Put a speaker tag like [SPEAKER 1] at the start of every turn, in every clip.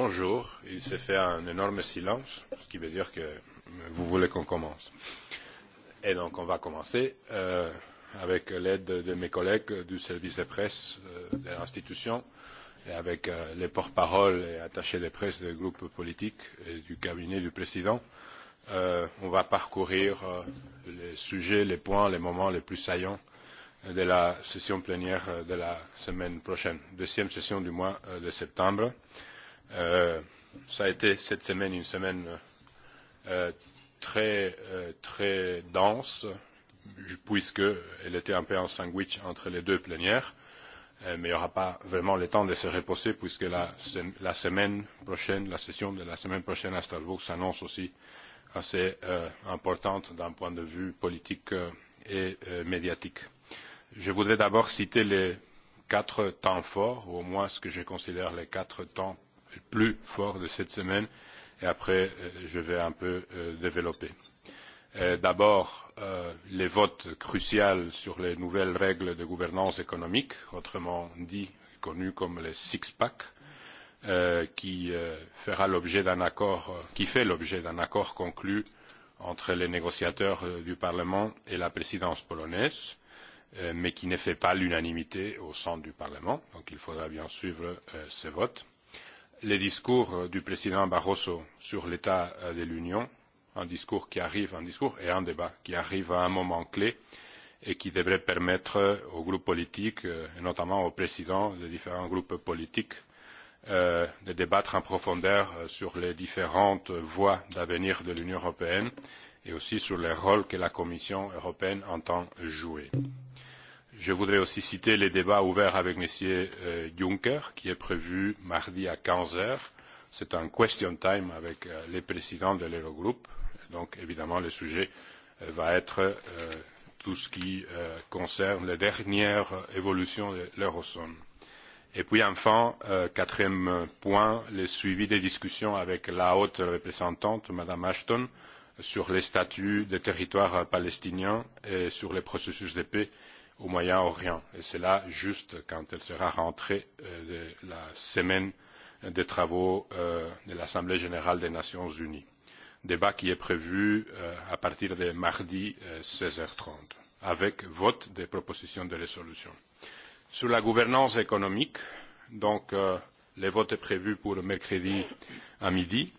[SPEAKER 1] Bonjour. Il s'est fait un énorme silence, ce qui veut dire que vous voulez qu'on commence. Et donc, on va commencer euh, avec l'aide de mes collègues du service de presse euh, de l'institution et avec euh, les porte parole et attachés de presse des groupes politiques et du cabinet du président. Euh, on va parcourir euh, les sujets, les points, les moments les plus saillants de la session plénière de la semaine prochaine, deuxième session du mois de septembre. Euh, Euh, ça a été cette semaine une semaine euh, très, euh, très dense, puisqu'elle était un peu en sandwich entre les deux plénières. Mais il n'y aura pas vraiment le temps de se reposer puisque la, la semaine prochaine, la session de la semaine prochaine à Strasbourg s'annonce aussi assez euh, importante d'un point de vue politique euh, et euh, médiatique. Je voudrais d'abord citer les quatre temps forts, ou au moins ce que je considère les quatre temps le plus fort de cette semaine et après je vais un peu développer. D'abord, les votes cruciaux sur les nouvelles règles de gouvernance économique, autrement dit connues comme les six pack, qui fera l'objet d'un accord, qui fait l'objet d'un accord conclu entre les négociateurs du Parlement et la présidence polonaise, mais qui ne fait pas l'unanimité au sein du Parlement. Donc il faudra bien suivre ces votes les discours du président Barroso sur l'état de l'Union, un discours qui arrive, un discours et un débat qui arrive à un moment clé et qui devrait permettre aux groupes politiques, et notamment aux présidents des différents groupes politiques, de débattre en profondeur sur les différentes voies d'avenir de l'Union européenne et aussi sur le rôle que la Commission européenne entend jouer. Euh, Je voudrais aussi citer les débats ouverts avec M. Juncker, qui est prévu mardi à quinze heures. C'est un question time avec les présidents de l'Eurogroupe. Donc, évidemment, le sujet va être tout ce qui concerne les dernières évolutions de l'eurozone. Et puis enfin, quatrième point, le suivi des discussions avec la haute représentante, Mme Ashton, sur les statuts des territoires palestiniens et sur les processus de paix au Moyen-Orient. Et cela juste quand elle sera rentrée de la semaine des travaux de l'Assemblée générale des Nations unies. Débat qui est prévu à partir de mardi seize h trente, avec vote des propositions de résolution. Sur la gouvernance économique, donc le vote est prévu pour mercredi à midi.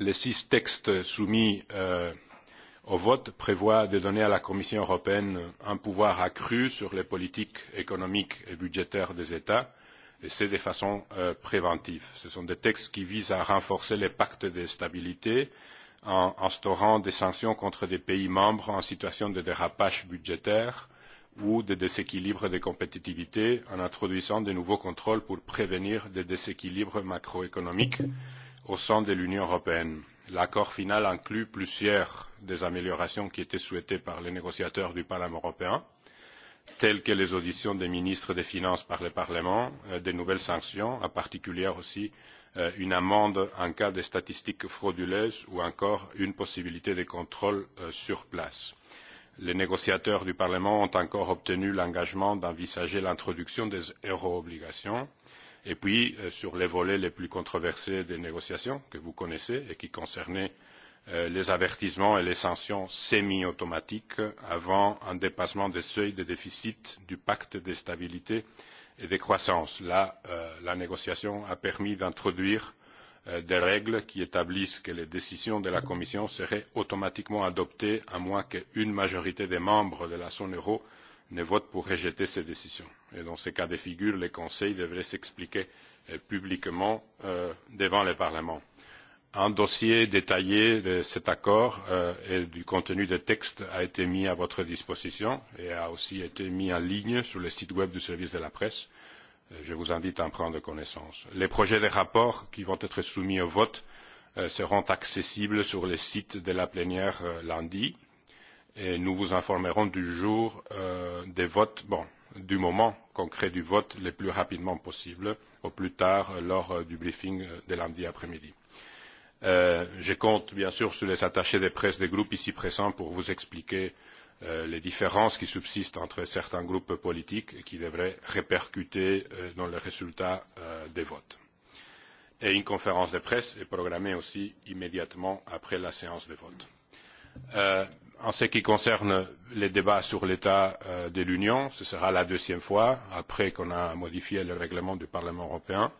[SPEAKER 1] Les six textes soumis au vote prévoit de donner à la Commission européenne un pouvoir accru sur les politiques économiques et budgétaires des États, et c'est de façon préventive. Ce sont des textes qui visent à renforcer les pactes de stabilité en instaurant des sanctions contre des pays membres en situation de dérapage budgétaire ou de déséquilibre de compétitivité en introduisant de nouveaux contrôles pour prévenir des déséquilibres macroéconomiques au sein de l'Union européenne. L'accord final inclut plusieurs des améliorations qui étaient souhaitées par les négociateurs du Parlement européen, telles que les auditions des ministres des Finances par le Parlement, de nouvelles sanctions, en particulier aussi une amende en cas de statistiques frauduleuses ou encore une possibilité de contrôle sur place. Les négociateurs du Parlement ont encore obtenu l'engagement d'envisager l'introduction des euro-obligations Et puis, sur les volets les plus controversés des négociations, que vous connaissez et qui concernaient les avertissements et les sanctions semi-automatiques avant un dépassement des seuils de déficit du pacte de stabilité et de croissance. Là, la négociation a permis d'introduire des règles qui établissent que les décisions de la Commission seraient automatiquement adoptées à moins qu'une majorité des membres de la zone euro ne vote pour rejeter ces décisions. Et dans ces cas de figure, les conseils devraient s'expliquer publiquement devant le Parlement. Un dossier détaillé de cet accord et du contenu des textes a été mis à votre disposition et a aussi été mis en ligne sur le site web du service de la presse. Je vous invite à en prendre connaissance. Les projets de rapport qui vont être soumis au vote seront accessibles sur le site de la plénière lundi et nous vous informerons du jour des votes. Bon, du moment concret du vote le plus rapidement possible, au plus tard lors du briefing de lundi après-midi. je compte bien sûr sur les attachés de presse des groupes ici présents pour vous expliquer les différences qui subsistent entre certains groupes politiques et qui devraient répercuter dans le résultat des votes. Et une conférence de presse est programmée aussi immédiatement après la séance de vote en ce qui concerne les débats sur l'état de l'Union, ce sera la deuxième fois après qu'on a modifié le règlement du Parlement européen.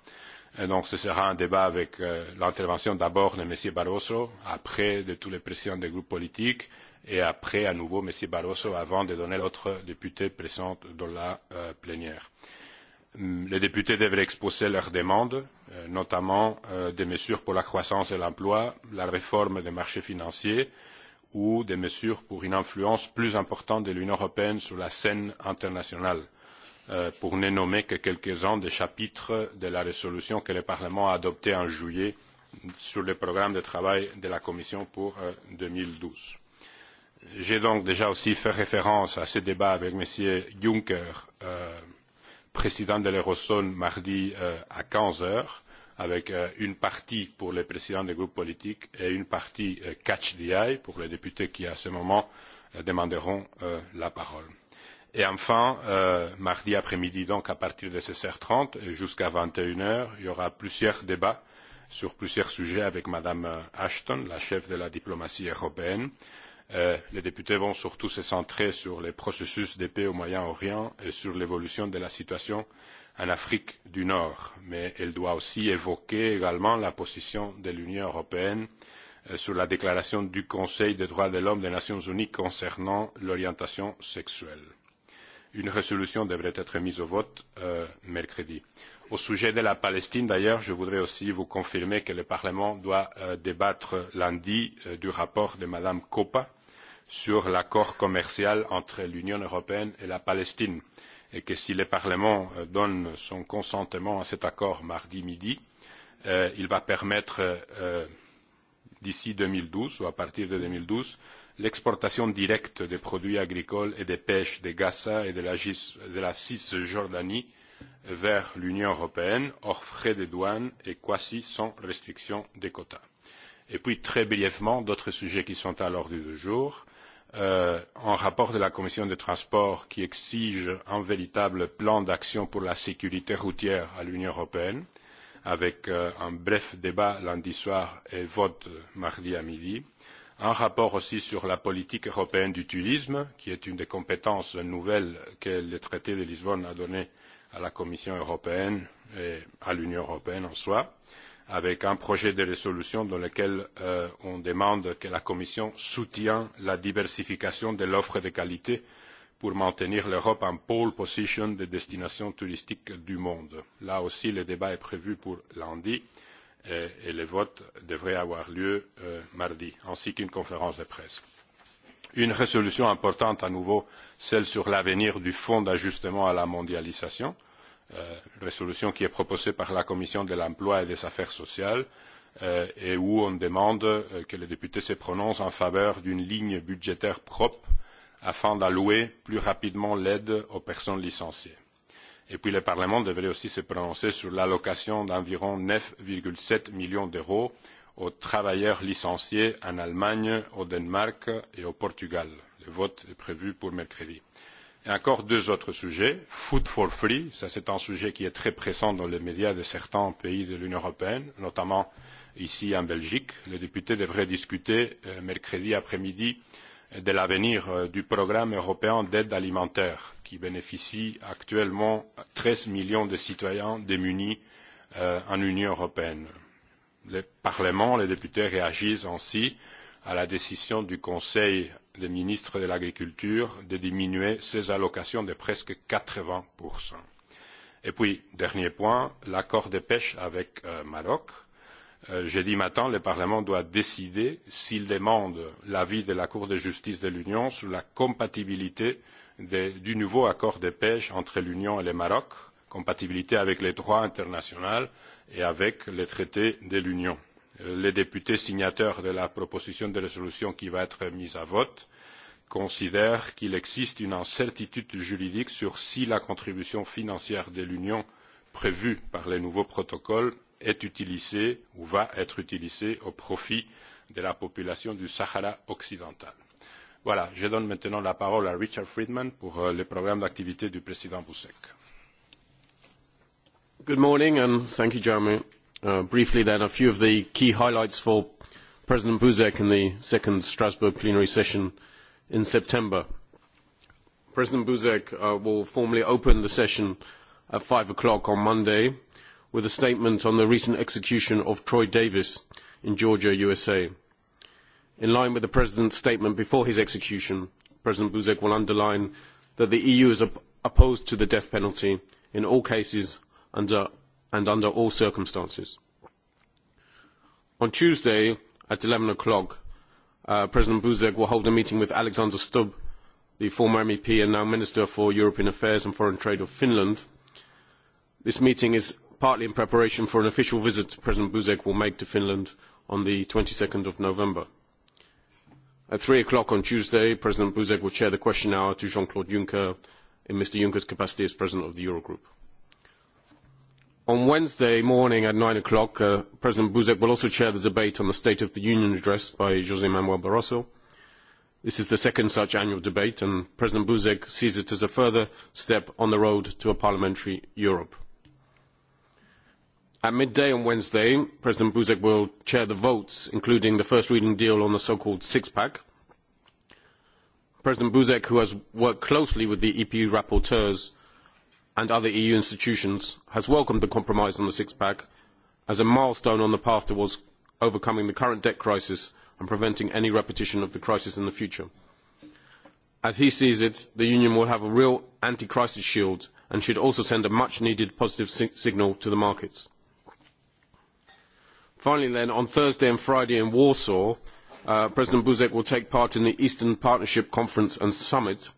[SPEAKER 1] Et donc ce sera un débat avec l'intervention d'abord de M. Barroso, après de tous les présidents des groupes politiques et après à nouveau M. Barroso avant de donner l'autre député présent dans la plénière. Les députés devraient exposer leurs demandes, notamment des mesures pour la croissance et l'emploi, la réforme des marchés financiers, euh, ou des mesures pour une influence plus importante de l'Union européenne sur la scène internationale, pour ne nommer que quelques-uns des chapitres de la résolution que le Parlement a adoptée en juillet sur le programme de travail de la Commission pour deux mille douze. J'ai donc déjà aussi fait référence à ce débat avec M. Juncker, président de l'Eurozone, mardi à quinze heures avec une partie pour les présidents des groupes politiques et une partie catch the eye pour les députés qui, à ce moment, demanderont la parole. Et enfin, mardi après-midi, donc à partir de seize h trente jusqu'à vingt et une heures, il y aura plusieurs débats sur plusieurs sujets avec Madame Ashton, la chef de la diplomatie européenne les députés vont surtout se centrer sur les processus de paix au Moyen-Orient et sur l'évolution de la situation en Afrique du Nord. Mais elle doit aussi évoquer également la position de l'Union européenne sur la déclaration du Conseil des droits de l'homme des Nations unies concernant l'orientation sexuelle. Une résolution devrait être mise au vote mercredi. Au sujet de la Palestine, d'ailleurs, je voudrais aussi vous confirmer que le Parlement doit débattre lundi du rapport de Mme Coppa sur l'accord commercial entre l'Union européenne et la Palestine et que si le Parlement donne son consentement à cet accord mardi midi, il va permettre d'ici deux mille douze ou à partir de deux mille douze l'exportation directe des produits agricoles et des pêches de Gaza et de la Cisjordanie vers l'Union européenne, hors frais de douane et quasi sans restriction des quotas. Et puis, très brièvement, d'autres sujets qui sont à l'ordre du jour un rapport de la commission des transports qui exige un véritable plan d'action pour la sécurité routière à l'Union européenne, avec un bref débat lundi soir et vote mardi à midi. Un rapport aussi sur la politique européenne du tourisme, qui est une des compétences nouvelles que le traité de Lisbonne a données à la Commission européenne et à l'Union européenne en soi avec un projet de résolution dans lequel on demande que la Commission soutienne la diversification de l'offre de qualité pour maintenir l'Europe en pole position des destinations touristiques du monde. Là aussi, le débat est prévu pour lundi et le vote devrait avoir lieu mardi, ainsi qu'une conférence de presse. Une résolution importante à nouveau, celle sur l'avenir du Fonds d'ajustement à la mondialisation, résolution qui est proposée par la Commission de l'emploi et des affaires sociales et où on demande que les députés se prononcent en faveur d'une ligne budgétaire propre afin d'allouer plus rapidement l'aide aux personnes licenciées. Et puis le Parlement devrait aussi se prononcer sur l'allocation d'environ neuf sept millions d'euros aux travailleurs licenciés en Allemagne, au Danemark et au Portugal. Le vote est prévu pour mercredi. Et encore deux autres sujets. Food for free, ça c'est un sujet qui est très présent dans les médias de certains pays de l'Union européenne, notamment ici en Belgique. Les députés devraient discuter mercredi après-midi de l'avenir du programme européen d'aide alimentaire qui bénéficie actuellement à treize millions de citoyens démunis en Union européenne. Le Parlement, les députés réagissent ainsi à la décision du Conseil le ministre de l'Agriculture de diminuer ses allocations de presque quatre 80%. Et puis, dernier point, l'accord de pêche avec le Maroc. jeudi matin, le Parlement doit décider s'il demande l'avis de la Cour de justice de l'Union sur la compatibilité du nouveau accord de pêche entre l'Union et le Maroc, compatibilité avec les droits internationaux et avec les traités de l'Union les députés signataires de la proposition de résolution qui va être mise à vote considèrent qu'il existe une incertitude juridique sur si la contribution financière de l'Union prévue par les nouveaux protocoles est utilisée ou va être utilisée au profit de la population du Sahara occidental. Voilà, je donne maintenant la parole à Richard Friedman pour le programme d'activité du président Buzek.
[SPEAKER 2] Good morning and thank you, Jeremy briefly then, a few of the key highlights for President Buzek in the second Strasbourg plenary session in September. President Buzek will formally open the session at five o'clock on Monday with a statement on the recent execution of Troy Davis in Georgia, USA. In line with the President's statement before his execution, President Buzek will underline that the EU is opposed to the death penalty in all cases under and under all circumstances. On Tuesday at eleven o'clock, President Buzek will hold a meeting with Alexander Stubb, the former MEP and now Minister for European Affairs and Foreign Trade of Finland. This meeting is partly in preparation for an official visit President Buzek will make to Finland on the 22nd of November. At three o'clock on Tuesday, President Buzek will chair the question hour to Jean-Claude Juncker in Mr. Juncker's capacity as President of the Eurogroup. On Wednesday morning at nine o'clock, President Buzek will also chair the debate on the State of the Union address by José Manuel Barroso. This is the second such annual debate, and President Buzek sees it as a further step on the road to a parliamentary Europe. At midday on Wednesday, President Buzek will chair the votes, including the first reading deal on the so-called six-pack. President Buzek, who has worked closely with the EP rapporteurs and other EU institutions has welcomed the compromise on the six pack as a milestone on the path towards overcoming the current debt crisis and preventing any repetition of the crisis in the future. As he sees it, the Union will have a real anti-crisis shield and should also send a much-needed positive signal to the markets. Finally then, on Thursday and Friday in Warsaw, President Buzek will take part in the Eastern Partnership Conference and Summit,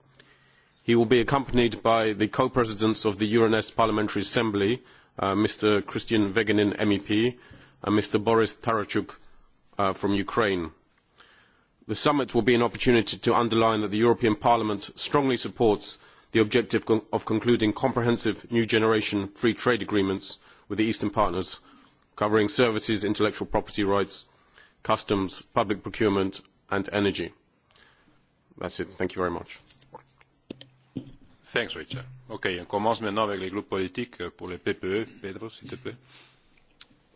[SPEAKER 2] He will be accompanied by the co-presidents of the Euronest Parliamentary Assembly, Mr. Christian Vegenin, MEP, and Mr. Boris Tarachuk from Ukraine. The summit will be an opportunity to underline that the European Parliament strongly supports the objective of concluding comprehensive new generation free trade agreements with the Eastern partners, covering services, intellectual property rights, customs, public procurement, and energy. That's it.
[SPEAKER 3] Thank you very much.
[SPEAKER 1] Thanks, Richard. OK, on commence maintenant avec les groupes
[SPEAKER 3] politiques. Pour le PPE, Pedro, s'il te plaît.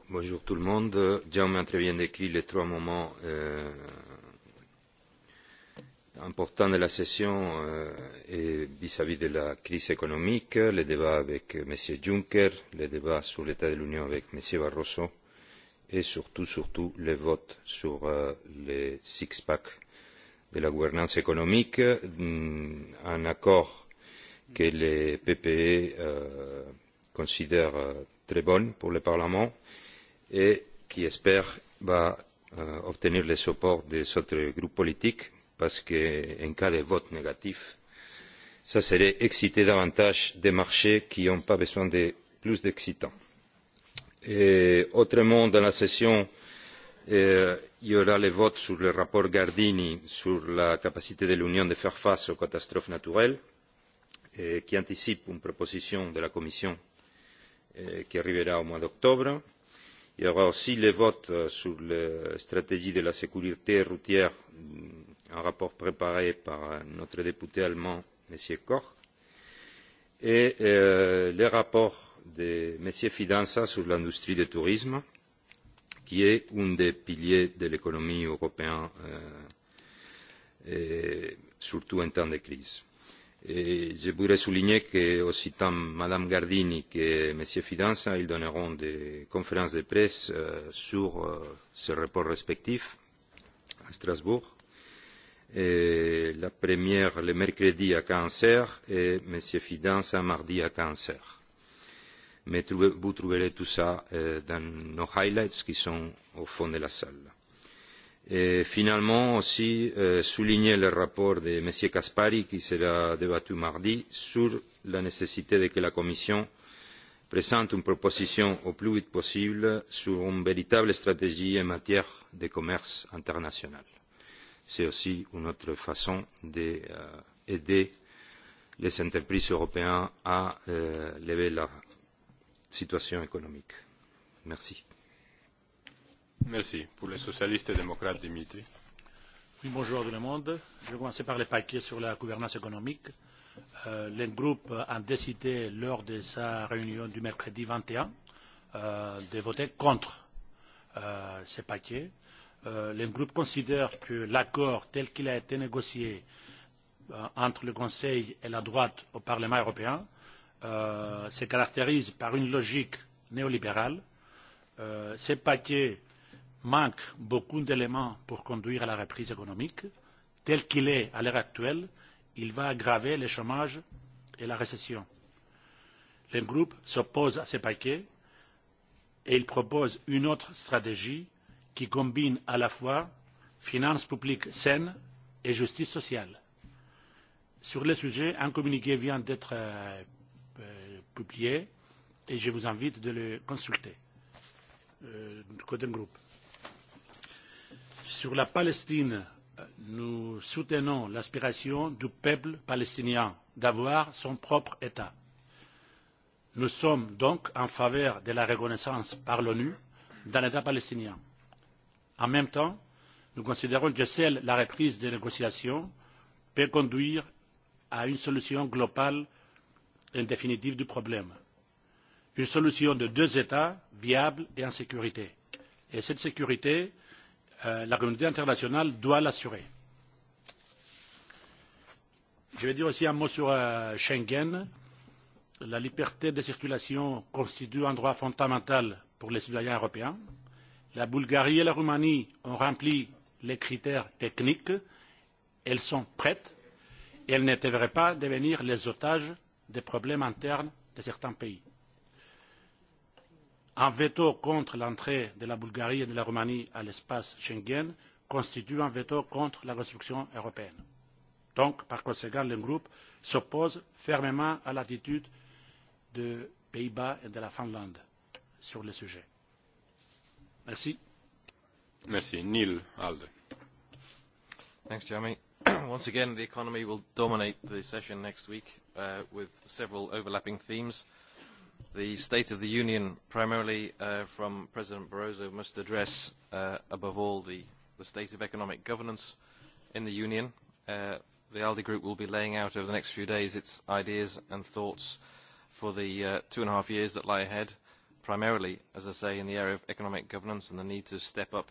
[SPEAKER 3] Bonjour tout le monde. Jaume a très bien décrit les trois moments euh, importants de la session vis-à-vis de la crise économique, le débat avec M. Juncker, le débat sur l'état de l'Union avec M. Barroso et surtout, surtout, le vote sur les six packs de la gouvernance économique, un accord que les PPE considèrent très bonne pour le Parlement et qui, j'espère, va obtenir le support des autres groupes politiques parce qu'en cas de vote négatif, cela serait exciter davantage des marchés qui n'ont pas besoin de plus d'excitants. autrement, dans la session, il y aura le vote sur le rapport Gardini sur la capacité de l'Union de faire face aux catastrophes naturelles qui anticipe une proposition de la Commission qui arrivera au mois d'octobre. Il y aura aussi le vote sur la stratégie de la sécurité routière, un rapport préparé par notre député allemand, M. Koch, et le rapport de M. Fidanza sur l'industrie du tourisme, qui est un des piliers de l'économie européenne, surtout en temps de crise je voudrais souligner que, aussi citant Mme Gardini et M. Fidanza, ils donneront des conférences de presse sur ces rapports respectifs à Strasbourg. la première le mercredi à Cancer et M. Fidanza mardi à Cancer. Mais vous trouverez tout cela dans nos highlights qui sont au fond de la salle Et finalement, aussi souligner le rapport de M. Caspary, qui sera débattu mardi, sur la nécessité que la Commission présente une proposition au plus vite possible sur une véritable stratégie en matière de commerce international. C'est aussi une autre façon d'aider les entreprises européennes à lever la situation économique. Merci.
[SPEAKER 1] Merci. Pour les
[SPEAKER 4] bonjour tout le monde. Je vais commencer par le paquet sur la gouvernance économique. le groupe a décidé lors de sa réunion du mercredi vingt et un de voter contre ce paquet. le groupe considère que l'accord tel qu'il a été négocié entre le Conseil et la droite au Parlement européen se caractérise par une logique néolibérale. ce paquet manque beaucoup d'éléments pour conduire à la reprise économique. Tel qu'il est à l'heure actuelle, il va aggraver le chômage et la récession. Le groupe s'oppose à ce paquet et il propose une autre stratégie qui combine à la fois finances publiques saines et justice sociale. Sur le sujet, un communiqué vient d'être publié et je vous invite de le consulter côté groupe. Sur la Palestine, nous soutenons l'aspiration du peuple palestinien d'avoir son propre État. Nous sommes donc en faveur de la reconnaissance par l'ONU d'un État palestinien. En même temps, nous considérons que seule la reprise des négociations peut conduire à une solution globale et définitive du problème. Une solution de deux États viable et en sécurité. Et cette sécurité la communauté internationale doit l'assurer. Je vais dire aussi un mot sur Schengen. La liberté de circulation constitue un droit fondamental pour les citoyens européens. La Bulgarie et la Roumanie ont rempli les critères techniques. Elles sont prêtes et elles ne devraient pas devenir les otages des problèmes internes de certains pays un veto contre l'entrée de la Bulgarie et de la Roumanie à l'espace Schengen constitue un veto contre la construction européenne. Donc, par conséquent, le groupe s'oppose fermement à l'attitude des Pays-Bas et de la Finlande sur le sujet. Merci.
[SPEAKER 5] Merci. Neil Alde. Thanks, Jeremy. Once again, the economy will dominate the session next week with several overlapping themes the State of the Union, primarily from President Barroso, must address, above all, the, state of economic governance in the Union. the ALDE Group will be laying out over the next few days its ideas and thoughts for the two and a half years that lie ahead, primarily, as I say, in the area of economic governance and the need to step up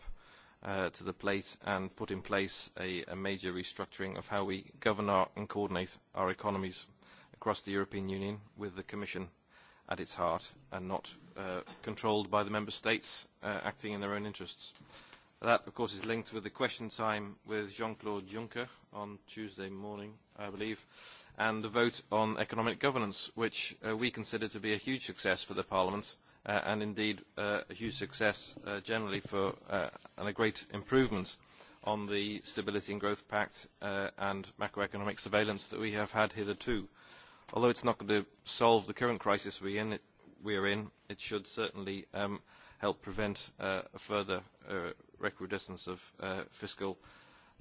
[SPEAKER 5] to the plate and put in place a, a major restructuring of how we govern our, and coordinate our economies across the European Union with the Commission at its heart and not uh, controlled by the member states uh, acting in their own interests. That, of course, is linked with the question time with Jean-Claude Juncker on Tuesday morning, I believe, and the vote on economic governance, which uh, we consider to be a huge success for the Parliament uh, and indeed uh, a huge success uh, generally for uh, and a great improvement on the Stability and Growth Pact uh, and macroeconomic surveillance that we have had hitherto although it's not going to solve the current crisis we in, it, are in, it should certainly um, help prevent uh, a further uh, recrudescence of uh, fiscal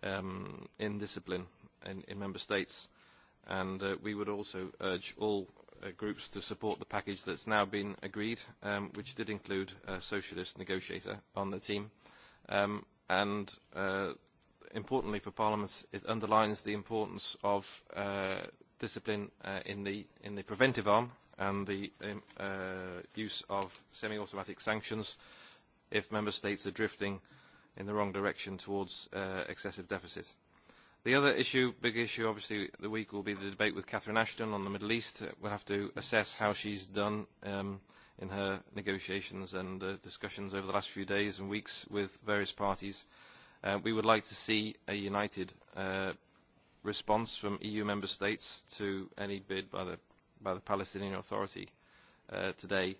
[SPEAKER 5] um, indiscipline in, in member states. And uh, we would also urge all uh, groups to support the package that's now been agreed, um, which did include a socialist negotiator on the team. Um, and uh, importantly for Parliament, it underlines the importance of uh, discipline uh, in, the, in the preventive arm and the um, uh, use of semi-automatic sanctions if member states are drifting in the wrong direction towards uh, excessive deficit. The other issue, big issue, obviously, the week will be the debate with Catherine Ashton on the Middle East. We'll have to assess how she's done um, in her negotiations and uh, discussions over the last few days and weeks with various parties. Uh, we would like to see a united uh, response from EU member states to any bid by the, by the Palestinian Authority uh, today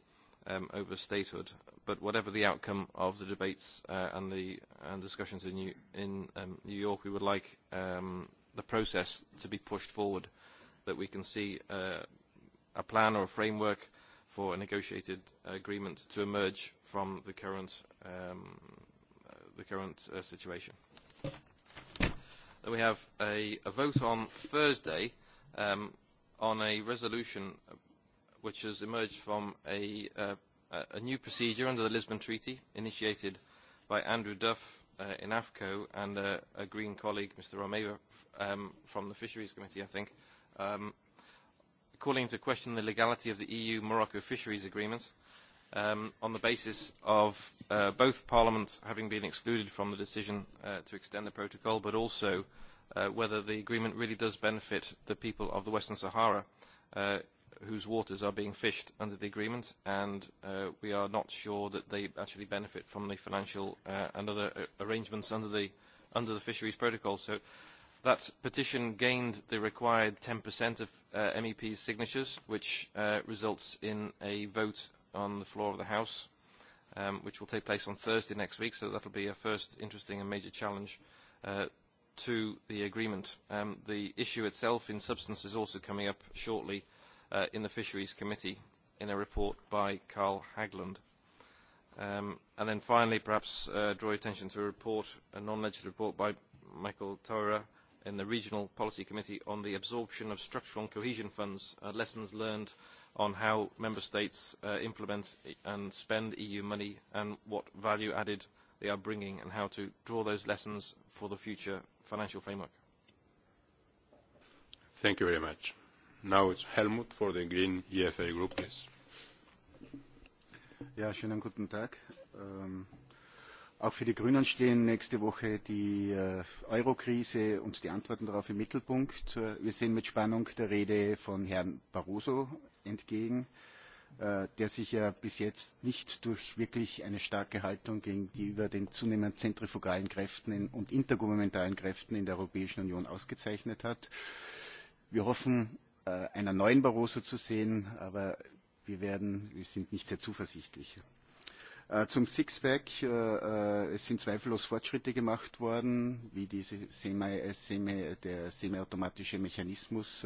[SPEAKER 5] um, over statehood. But whatever the outcome of the debates uh, and the and discussions in New, in um, New York, we would like um, the process to be pushed forward, that we can see uh, a plan or a framework for a negotiated agreement to emerge from the current um, the current uh, situation that we have a, a vote on Thursday um, on a resolution which has emerged from a, uh, a new procedure under the Lisbon Treaty initiated by Andrew Duff uh, in AFCO and uh, a Green colleague, Mr. Romeva, um, from the Fisheries Committee, I think, um, calling into question the legality of the EU-Morocco fisheries agreement on the basis of both Parliament having been excluded from the decision to extend the protocol, but also whether the agreement really does benefit the people of the Western Sahara, whose waters are being fished under the agreement, and we are not sure that they actually benefit from the financial and other arrangements under the, under the fisheries protocol. So that petition gained the required 10% of MEP's signatures, which results in a vote on the floor of the House, um, which will take place on Thursday next week. So that will be a first interesting and major challenge uh, to the agreement. Um, the issue itself, in substance, is also coming up shortly uh, in the Fisheries Committee in a report by Carl Hagland. Um, and then finally, perhaps uh, draw attention to a report, a non-legislative report by Michael Torra, in the Regional Policy Committee on the absorption of structural and cohesion funds, uh, lessons learned on how member states uh, implement and spend EU money and what value added they are bringing and how to draw those lessons for the future financial framework.
[SPEAKER 1] Thank you very much. Now it's Helmut for the Green EFA Group, please.
[SPEAKER 6] Yeah, schönen guten Tag. Auch für die Grünen stehen nächste Woche die Eurokrise und die Antworten darauf im Mittelpunkt. Wir sehen mit Spannung der Rede von Herrn Barroso entgegen, der sich ja bis jetzt nicht durch wirklich eine starke Haltung gegenüber den zunehmend zentrifugalen Kräften und intergouvernementalen Kräften in der Europäischen Union ausgezeichnet hat. Wir hoffen, einen neuen Barroso zu sehen, aber wir, werden, wir sind nicht sehr zuversichtlich. Zum Sixpack, es sind zweifellos Fortschritte gemacht worden, wie diese semi, semi, der semiautomatische Mechanismus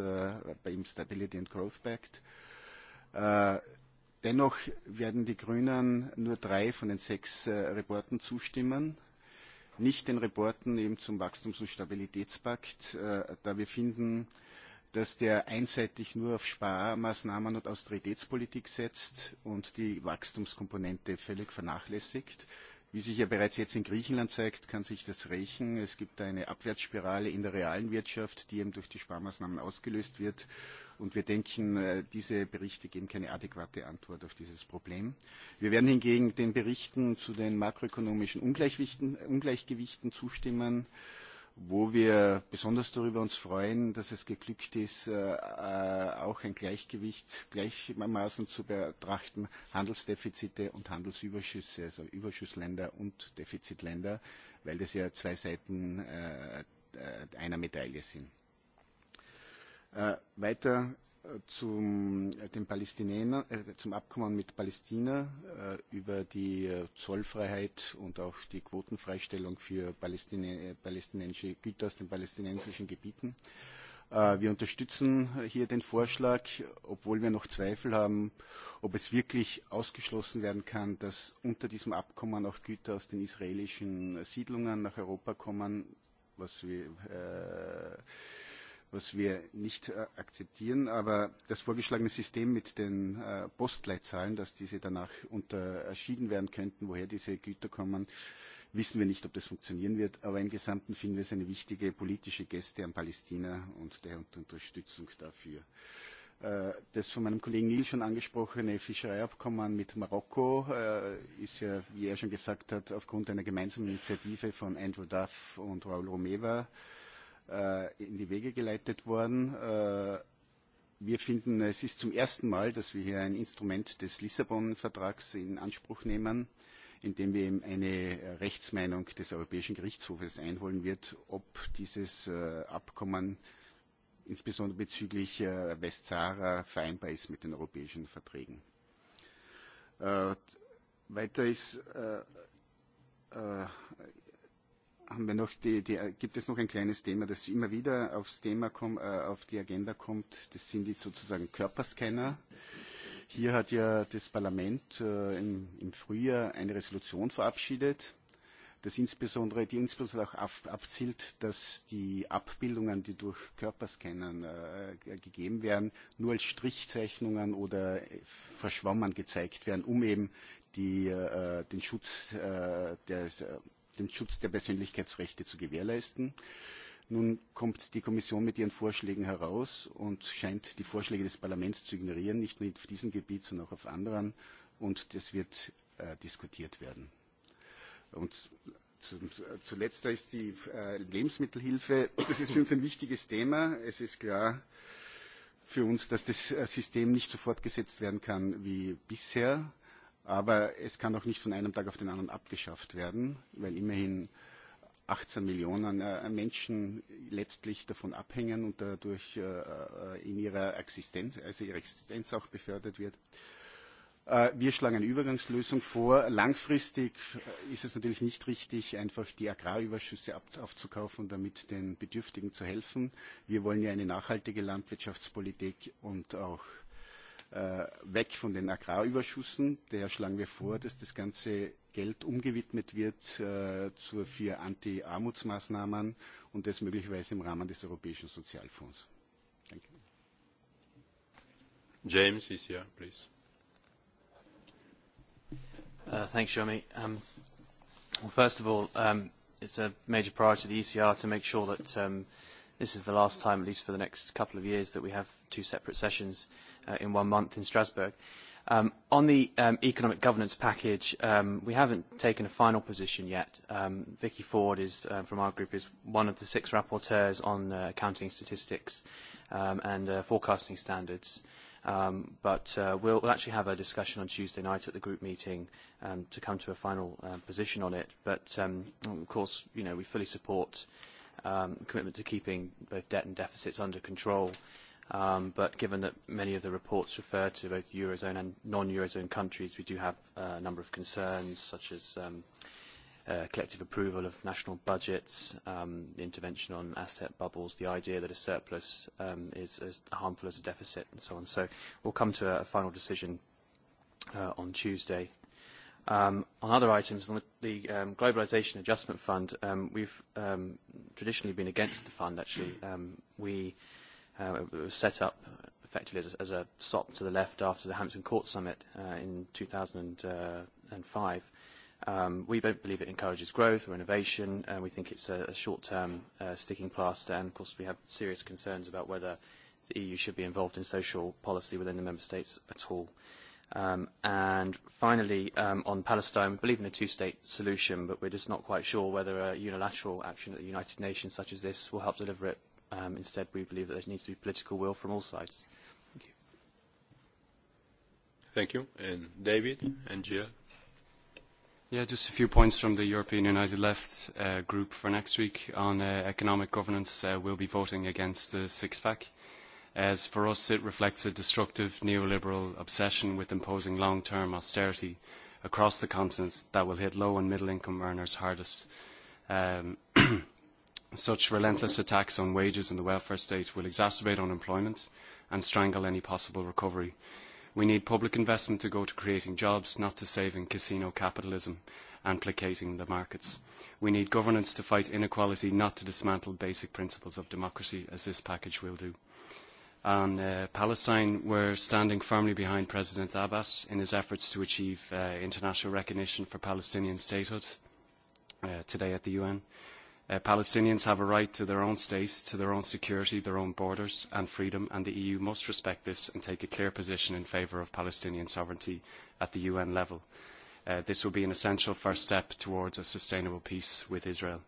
[SPEAKER 6] beim Stability and Growth Pact. Dennoch werden die Grünen nur drei von den sechs Reporten zustimmen nicht den Reporten eben zum Wachstums- und Stabilitätspakt, da wir finden, dass der einseitig nur auf Sparmaßnahmen und Austeritätspolitik setzt und die Wachstumskomponente völlig vernachlässigt. Wie sich ja bereits jetzt in Griechenland zeigt, kann sich das rächen. Es gibt eine Abwärtsspirale in der realen Wirtschaft, die eben durch die Sparmaßnahmen ausgelöst wird. Und wir denken, diese Berichte geben keine adäquate Antwort auf dieses Problem. Wir werden hingegen den Berichten zu den makroökonomischen Ungleichgewichten zustimmen wo wir besonders darüber uns freuen, dass es geglückt ist, auch ein Gleichgewicht gleichermaßen zu betrachten, Handelsdefizite und Handelsüberschüsse, also Überschussländer und Defizitländer, weil das ja zwei Seiten einer Medaille sind. Weiter zum, den Palästinenern, zum Abkommen mit Palästina über die Zollfreiheit und auch die Quotenfreistellung für palästinensische Güter aus den palästinensischen Gebieten. Wir unterstützen hier den Vorschlag, obwohl wir noch Zweifel haben, ob es wirklich ausgeschlossen werden kann, dass unter diesem Abkommen auch Güter aus den israelischen Siedlungen nach Europa kommen, was wir was wir nicht akzeptieren. Aber das vorgeschlagene System mit den Postleitzahlen, dass diese danach unterschieden werden könnten, woher diese Güter kommen, wissen wir nicht, ob das funktionieren wird. Aber im Gesamten finden wir es eine wichtige politische Geste an Palästina und der Unterstützung dafür. Das von meinem Kollegen Nil schon angesprochene Fischereiabkommen mit Marokko ist ja, wie er schon gesagt hat, aufgrund einer gemeinsamen Initiative von Andrew Duff und Raoul Romeva in die Wege geleitet worden. Wir finden, es ist zum ersten Mal, dass wir hier ein Instrument des Lissabon-Vertrags in Anspruch nehmen, indem wir eben eine Rechtsmeinung des Europäischen Gerichtshofes einholen wird, ob dieses Abkommen insbesondere bezüglich Westsahara vereinbar ist mit den europäischen Verträgen. Weiter ist haben wir noch die, die, gibt es noch ein kleines Thema, das immer wieder aufs Thema kommt, auf die Agenda kommt. Das sind die sozusagen Körperscanner. Hier hat ja das Parlament im, im Frühjahr eine Resolution verabschiedet, das insbesondere, die insbesondere auch abzielt, dass die Abbildungen, die durch Körperscannern gegeben werden, nur als Strichzeichnungen oder verschwommen gezeigt werden, um eben den Schutz der den Schutz der Persönlichkeitsrechte zu gewährleisten. Nun kommt die Kommission mit ihren Vorschlägen heraus und scheint die Vorschläge des Parlaments zu ignorieren, nicht nur auf diesem Gebiet, sondern auch auf anderen. Und das wird diskutiert werden. Und zuletzt ist die Lebensmittelhilfe. Das ist für uns ein wichtiges Thema. Es ist klar für uns, dass das System nicht so fortgesetzt werden kann wie bisher Aber es kann auch nicht von einem Tag auf den anderen abgeschafft werden, weil immerhin 18 Millionen Menschen letztlich davon abhängen und dadurch in ihrer Existenz, also ihre Existenz auch befördert wird. Wir schlagen eine Übergangslösung vor. Langfristig ist es natürlich nicht richtig, einfach die Agrarüberschüsse aufzukaufen und damit den Bedürftigen zu helfen. Wir wollen ja eine nachhaltige Landwirtschaftspolitik und auch weg von den Agrarüberschüssen. Daher schlagen wir vor, dass das ganze Geld umgewidmet wird zu vier Anti-Armutsmaßnahmen und das möglicherweise im Rahmen des Europäischen Sozialfonds.
[SPEAKER 1] James please.
[SPEAKER 7] Uh, thanks, Jeremy. Um, well, first of all, um, it's a major priority of the ECR to make sure that um, this is the last time, at least for the next couple of years, that we have two separate sessions. Uh, in one month in Strasbourg. Um, on the um, economic governance package, um, we haven't taken a final position yet. Um, Vicky Ford is, uh, from our group is one of the six rapporteurs on uh, accounting statistics um, and uh, forecasting standards. Um, but uh, we'll, we'll actually have a discussion on Tuesday night at the group meeting um, to come to a final uh, position on it. But um, of course, you know, we fully support um, commitment to keeping both debt and deficits under control. Um, but given that many of the reports refer to both Eurozone and non-Eurozone countries, we do have a number of concerns, such as um, uh, collective approval of national budgets, um, the intervention on asset bubbles, the idea that a surplus um, is as harmful as a deficit, and so on. So we'll come to a final decision uh, on Tuesday. Um, on other items, on the, the um, Globalisation Adjustment Fund, um, we've um, traditionally been against the fund, actually. Um, we uh, set up effectively as a, as a stop to the left after the Hampton Court Summit uh, in 2005. Um, we don't believe it encourages growth or innovation, and we think it's a, a short-term uh, sticking plaster, and of course we have serious concerns about whether the EU should be involved in social policy within the member states at all. Um, and finally, um, on Palestine, we believe in a two-state solution, but we're just not quite sure whether a unilateral action at the United Nations such as this will help deliver it Um, instead, we believe that there needs to be political will from all sides. Thank you. Thank you. And David and Jill?
[SPEAKER 8] Yeah, just a few points from the European United Left uh, group for next week on uh, economic governance. Uh, we'll be voting against the six-pack. As for us, it reflects a destructive neoliberal obsession with imposing long-term austerity across the continent that will hit low and middle-income earners hardest. Um, Such relentless attacks on wages and the welfare state will exacerbate unemployment and strangle any possible recovery. We need public investment to go to creating jobs, not to saving casino capitalism and placating the markets. We need governance to fight inequality, not to dismantle basic principles of democracy, as this package will do. On uh, Palestine, we're standing firmly behind President Abbas in his efforts to achieve uh, international recognition for Palestinian statehood uh, today at the UN. Palestinians have a right to their own state, to their own security, their own borders and freedom, and the EU must respect this and take a clear position in favour of Palestinian sovereignty at the UN level. this will be an essential first step towards a sustainable peace with Israel.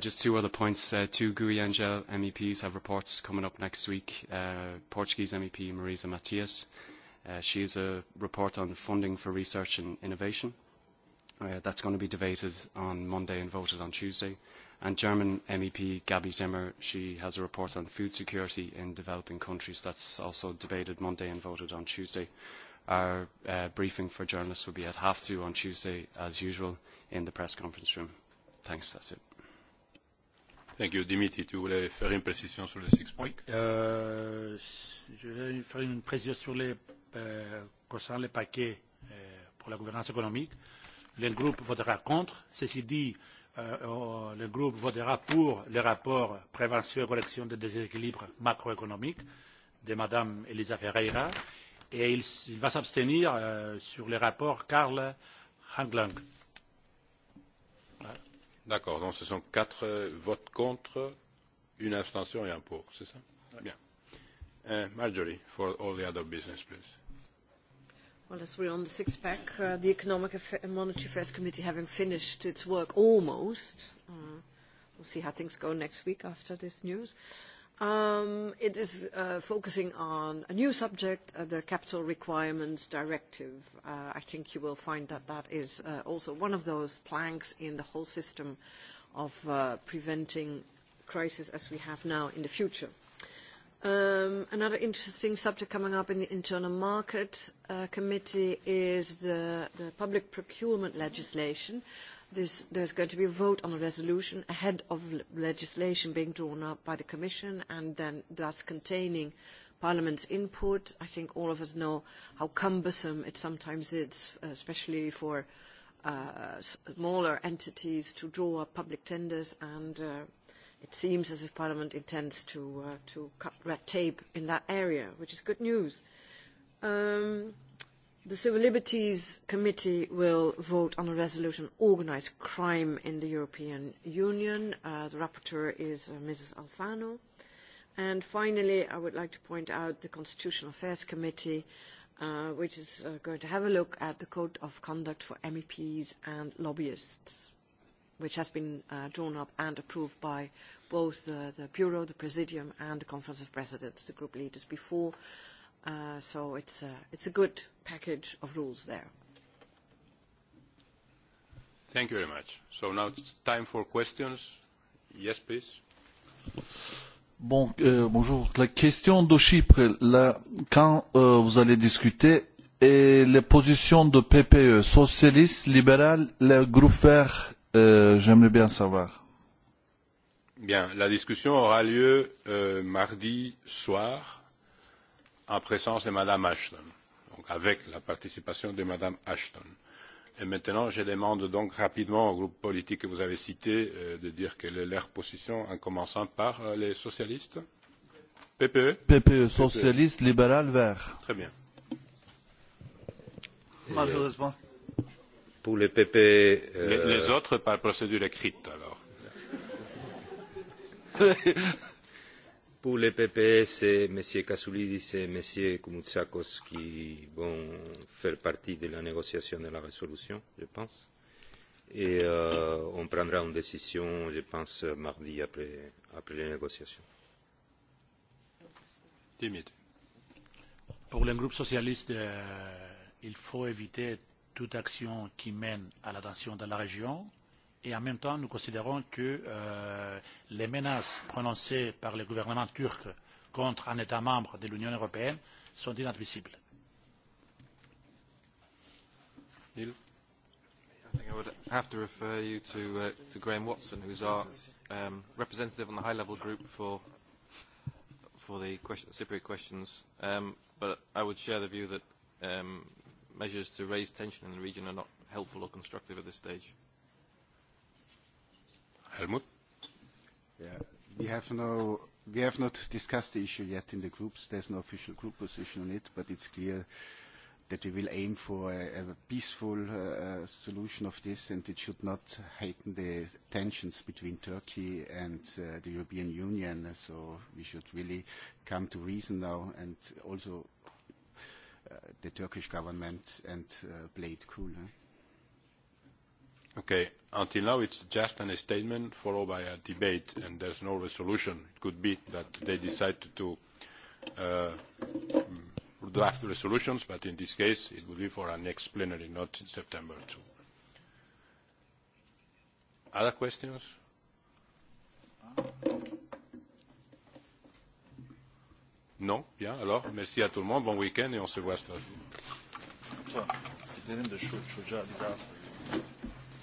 [SPEAKER 8] just two other points. two GUI Angel MEPs have reports coming up next week. Portuguese MEP Marisa Matias. she has a report on funding for research and innovation Uh, that's going to be debated on Monday and voted on Tuesday. And German MEP Gabi Zimmer, she has a report on food security in developing countries that's also debated Monday and voted on Tuesday. Our uh, briefing for journalists will be at half two on Tuesday, as usual, in the press conference room. Thanks, that's it.
[SPEAKER 1] Thank you. Dimitri, tu voulais faire une précision sur les six points Oui.
[SPEAKER 4] euh, Je voulais faire une précision sur les, euh, concernant les paquets euh, pour la gouvernance économique. Euh, Le groupe votera contre. Ceci dit, le groupe votera pour le rapport prévention et correction des déséquilibres macroéconomiques de Mme Elisa Ferreira et il, va s'abstenir sur le rapport Karl Hanglang.
[SPEAKER 1] D'accord, donc ce sont quatre votes contre, une abstention et un pour, c'est ça Bien. Marjorie, for all the other business, please.
[SPEAKER 9] Well, as we're on the sixth pack, uh, the Economic and Monetary Affairs Committee having finished its work almost, uh, we'll see how things go next week after this news. Um, it is uh, focusing on a new subject, uh, the Capital Requirements Directive. Uh, I think you will find that that is uh, also one of those planks in the whole system of uh, preventing crisis as we have now in the future another interesting subject coming up in the Internal Market Committee is the, public procurement legislation. This, there's going to be a vote on a resolution ahead of legislation being drawn up by the Commission and then thus containing Parliament's input. I think all of us know how cumbersome it sometimes is, especially for smaller entities to draw up public tenders and it seems as if Parliament intends to, uh, to cut red tape in that area, which is good news. Um, the Civil Liberties Committee will vote on a resolution on organised crime in the European Union. Uh, the rapporteur is uh, Mrs. Alfano. And finally, I would like to point out the Constitutional Affairs Committee, uh, which is uh, going to have a look at the Code of Conduct for MEPs and Lobbyists which has been uh drawn up and approved by both uh, the Bureau, the Presidium, and the Conference of Presidents, the group leaders, before. Uh, so it's a, it's a good package of rules there.
[SPEAKER 1] Thank you very much. So now it's time for questions. Yes, please.
[SPEAKER 6] Bon, euh, bonjour. La question de Chypre, là, quand euh, vous allez discuter, et les positions de PPE, socialiste, libéral, le groupe vert, euh, j'aimerais bien savoir.
[SPEAKER 1] Bien, la discussion aura lieu mardi soir en présence de Madame Ashton, donc avec la participation de Madame Ashton. Et maintenant, je demande donc rapidement au groupe politique que vous avez cité de dire quelle est leur position, en commençant par les socialistes. PPE.
[SPEAKER 6] PPE, socialiste, libéral, vert.
[SPEAKER 1] Très bien.
[SPEAKER 8] Malheureusement.
[SPEAKER 1] Pour les PPE. Les, autres par procédure écrite, alors.
[SPEAKER 8] Pour le PPE,
[SPEAKER 3] c'est M. Kasoulidis et M. Koumoutsakos qui vont faire partie de la négociation de la résolution, je pense. Et on prendra une décision, je pense, mardi après, après les négociations.
[SPEAKER 4] Pour le groupe socialiste, il faut éviter toute action qui mène à la tension dans la région Et en même temps, nous considérons que les menaces prononcées par le gouvernement turc contre un État membre de l'Union européenne sont inadmissibles.
[SPEAKER 5] I think I would have to refer you to, uh, to Graham Watson, our um, representative on the high-level group for, for the question, Cypriot questions. Um, but I would share the view that um, measures to raise tension in the region are not helpful or constructive at this stage.
[SPEAKER 1] Helmut? Yeah.
[SPEAKER 6] We have no we have not discussed the issue yet in the groups. There's no official group position on it, but it's clear that we will aim for a, a peaceful uh, solution of this, and it should not heighten the tensions between Turkey and uh, the European Union. So we should really come to reason now, and also uh, the Turkish government and uh, play it cool. Huh?
[SPEAKER 1] Okay. Until now, it's just a statement followed by a debate, and there's no resolution. It could be that they decide to draft resolutions, but in this case, it will be for our next plenary, not in September 2. Other questions? No? Bien. Alors, merci à tout le monde. Bon week-end et on se voit à Strasbourg.